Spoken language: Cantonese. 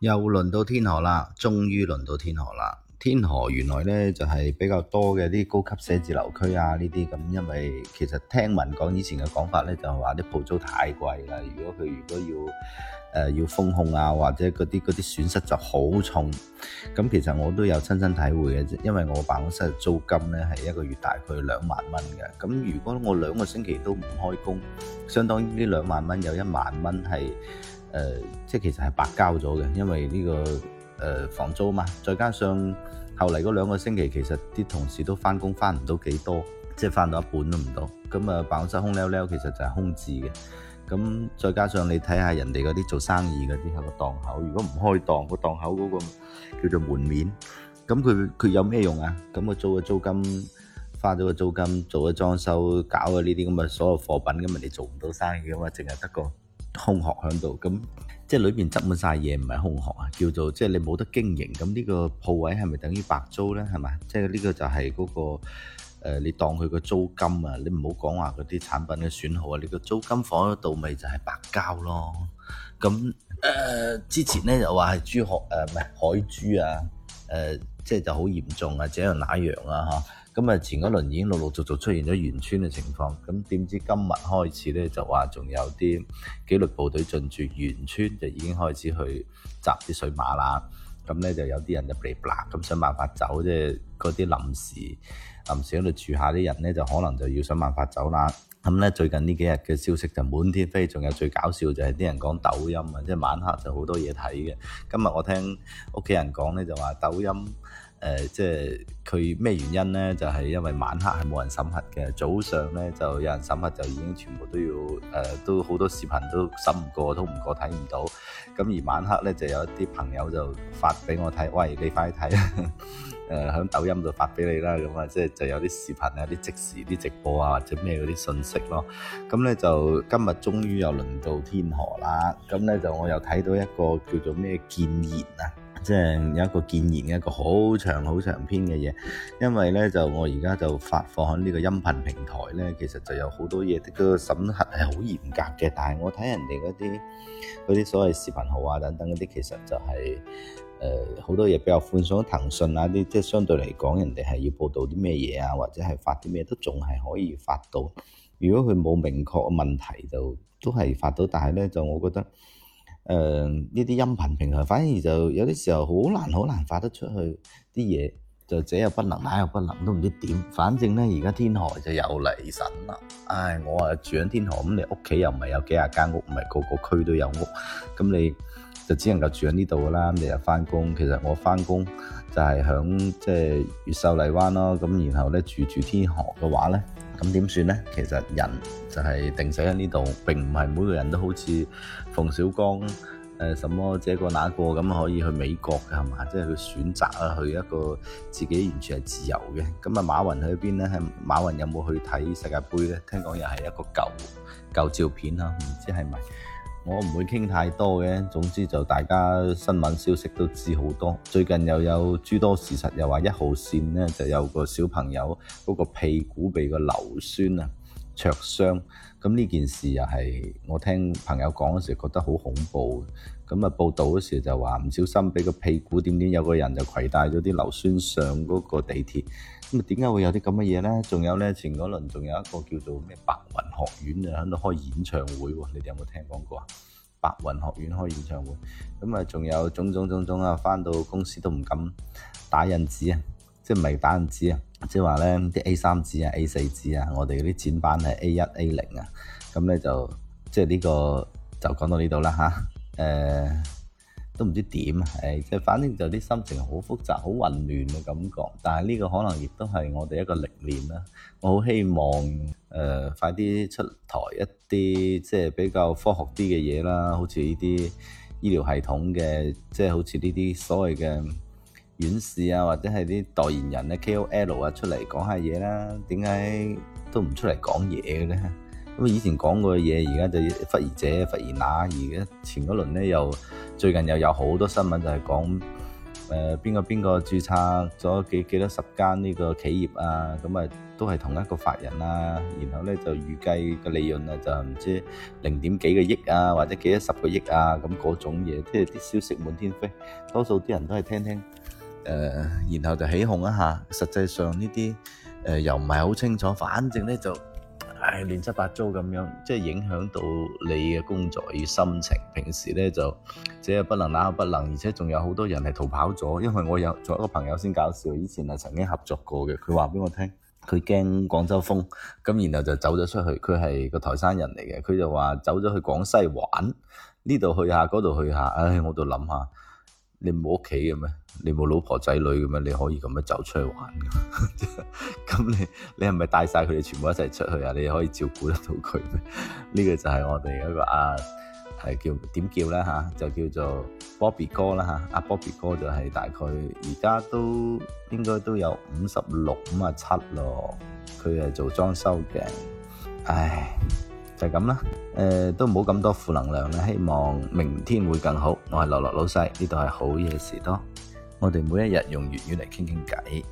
又輪到天河啦，終於輪到天河啦。天河原來呢，就係、是、比較多嘅啲高級寫字樓區啊呢啲咁，因為其實聽聞講以前嘅講法呢，就係話啲鋪租太貴啦。如果佢如果要誒、呃、要封控啊，或者嗰啲嗰啲損失就好重。咁其實我都有親身體會嘅，因為我辦公室租金呢係一個月大概兩萬蚊嘅。咁如果我兩個星期都唔開工，相當於呢兩萬蚊有一萬蚊係。誒、呃，即係其實係白交咗嘅，因為呢、呢個誒、呃、房租嘛，再加上後嚟嗰兩個星期，其實啲同事都翻工翻唔到幾多，即係翻到一半都唔到。咁啊，辦室空溜溜，其實就係空置嘅。咁、嗯、再加上你睇下人哋嗰啲做生意嗰啲、嗰個檔口，如果唔開檔，嗰個檔口嗰個叫做門面，咁佢佢有咩用啊？咁個租嘅租金花咗個租金，做咗裝修，搞嘅呢啲咁嘅所有貨品咁啊，你做唔到生意咁啊，淨係得個。空殼喺度，咁即係裏邊執滿晒嘢，唔係空殼啊，叫做即係你冇得經營，咁呢個鋪位係咪等於白租咧？係咪？即係呢個就係嗰、那個誒、呃，你當佢個租金啊，你唔好講話嗰啲產品嘅損耗啊，你個租金放嗰度咪就係白交咯。咁誒、呃，之前咧就話係珠海誒，唔、呃、係海珠啊，誒、呃，即係就好嚴重啊，這樣那樣啊吓。咁啊，前一輪已經陸陸續續出現咗員村嘅情況，咁點知今日開始咧就話仲有啲紀律部隊進駐員村，就已經開始去擲啲水馬啦。咁咧就有啲人就噼啪，咁想辦法走，即係嗰啲臨時臨時喺度住下啲人咧，就可能就要想辦法走啦。咁咧最近呢幾日嘅消息就滿天飛，仲有最搞笑就係啲人講抖音啊，即係晚黑就好多嘢睇嘅。今日我聽屋企人講咧就話抖音。誒、呃，即係佢咩原因咧？就係、是、因為晚黑係冇人審核嘅，早上咧就有人審核，就已經全部都要誒、呃，都好多視頻都審唔過，都唔過睇唔到。咁而晚黑咧，就有啲朋友就發俾我睇，喂，你快睇，誒 喺、呃、抖音度發俾你啦。咁啊，即係就有啲視頻啊，啲即時啲直播啊，或者咩嗰啲信息咯。咁、嗯、咧就今日終於又輪到天河啦。咁、嗯、咧就我又睇到一個叫做咩建言啊。即係有一個建言，嘅一個好長好長篇嘅嘢，因為咧就我而家就發放喺呢個音頻平台咧，其實就有好多嘢啲、嗰個審核係好嚴格嘅，但係我睇人哋嗰啲嗰啲所謂視頻號啊等等嗰啲，其實就係誒好多嘢比較寬鬆，騰訊啊啲即係相對嚟講，人哋係要報導啲咩嘢啊，或者係發啲咩都仲係可以發到。如果佢冇明確嘅問題，就都係發到。但係咧就我覺得。誒，呢啲、呃、音頻平台反而就有啲時候好難好難發得出去啲嘢，就這又不能，那又不能，都唔知點。反正咧，而家天河就有嚟神啦。唉、哎，我啊住喺天河，咁你屋企又唔係有幾廿間屋，唔係個個區都有屋，咁你就只能夠住喺呢度噶啦。你又返工，其實我返工就係響即係越秀荔灣咯。咁然後咧住住天河嘅話咧。咁點算呢？其實人就係定死喺呢度，並唔係每個人都好似馮小剛誒、呃、什麼個個這個那個咁可以去美國嘅係嘛？即係佢選擇啊，佢一個自己完全係自由嘅。咁啊，馬雲喺邊呢？馬雲有冇去睇世界盃呢？聽講又係一個舊舊照片啊，唔知係咪？我唔會傾太多嘅，總之就大家新聞消息都知好多。最近又有諸多事實，又話一號線呢就有個小朋友嗰個屁股被個硫酸啊灼傷。咁呢件事又係我聽朋友講嘅時候覺得好恐怖。咁啊報道嘅時候就話唔小心俾個屁股點點有個人就攜帶咗啲硫酸上嗰個地鐵。咁點解會有啲咁嘅嘢呢？仲有呢，前嗰輪仲有一個叫做咩白雲學院啊，喺度開演唱會，你哋有冇聽講過啊？白雲學院開演唱會，咁啊，仲有種種種種啊，翻到公司都唔敢打印紙啊，即係唔係打印紙啊，即係話呢啲 A 三紙啊、A 四紙啊，我哋嗰啲剪板係 A 一、A 零啊，咁呢就即係呢、呢個就講到呢度啦吓，誒、啊。都唔知點，誒，即係反正就啲心情好複雜、好混亂嘅感覺。但係呢個可能亦都係我哋一個歷練啦。我好希望誒、呃、快啲出台一啲即係比較科學啲嘅嘢啦，好似呢啲醫療系統嘅，即係好似呢啲所謂嘅院士啊，或者係啲代言人咧、KOL 啊出嚟講下嘢啦。點解都唔出嚟講嘢嘅咧？咁啊！以前講過嘅嘢，而家就忽而者忽而那。而家前嗰輪咧，又最近又有好多新聞就，就係講誒邊個邊個註冊咗幾幾多十間呢個企業啊？咁啊，都係同一個法人啊。然後咧就預計嘅利潤啊，就唔知零點幾個億啊，或者幾多十個億啊咁嗰種嘢，即係啲消息滿天飛。多數啲人都係聽聽誒、呃，然後就起哄一下。實際上呢啲誒又唔係好清楚，反正咧就。哎，亂七八糟咁樣，即係影響到你嘅工作與心情。平時呢，就即係不能那不能，而且仲有好多人係逃跑咗。因為我有仲有一個朋友先搞笑，以前係曾經合作過嘅，佢話俾我聽，佢驚廣州封，咁然後就走咗出去。佢係個台山人嚟嘅，佢就話走咗去廣西玩，呢度去下，嗰度去下。唉、哎，我度諗下，你冇屋企嘅咩？你冇老婆仔女嘅咩？你可以咁樣走出去玩㗎？ 咁你你係咪帶晒佢哋全部一齊出去啊？你可以照顧得到佢咩？呢 個就係我哋一個啊，係叫點叫咧吓、啊，就叫做 Bobby 哥啦吓，阿 Bobby 哥就係大概而家都應該都有五十六五啊七咯。佢係做裝修嘅，唉，就係咁啦。誒、呃，都冇咁多負能量啦。希望明天會更好。我係樂樂老師，呢度係好嘢事多。我哋每一日用粵語嚟傾傾偈。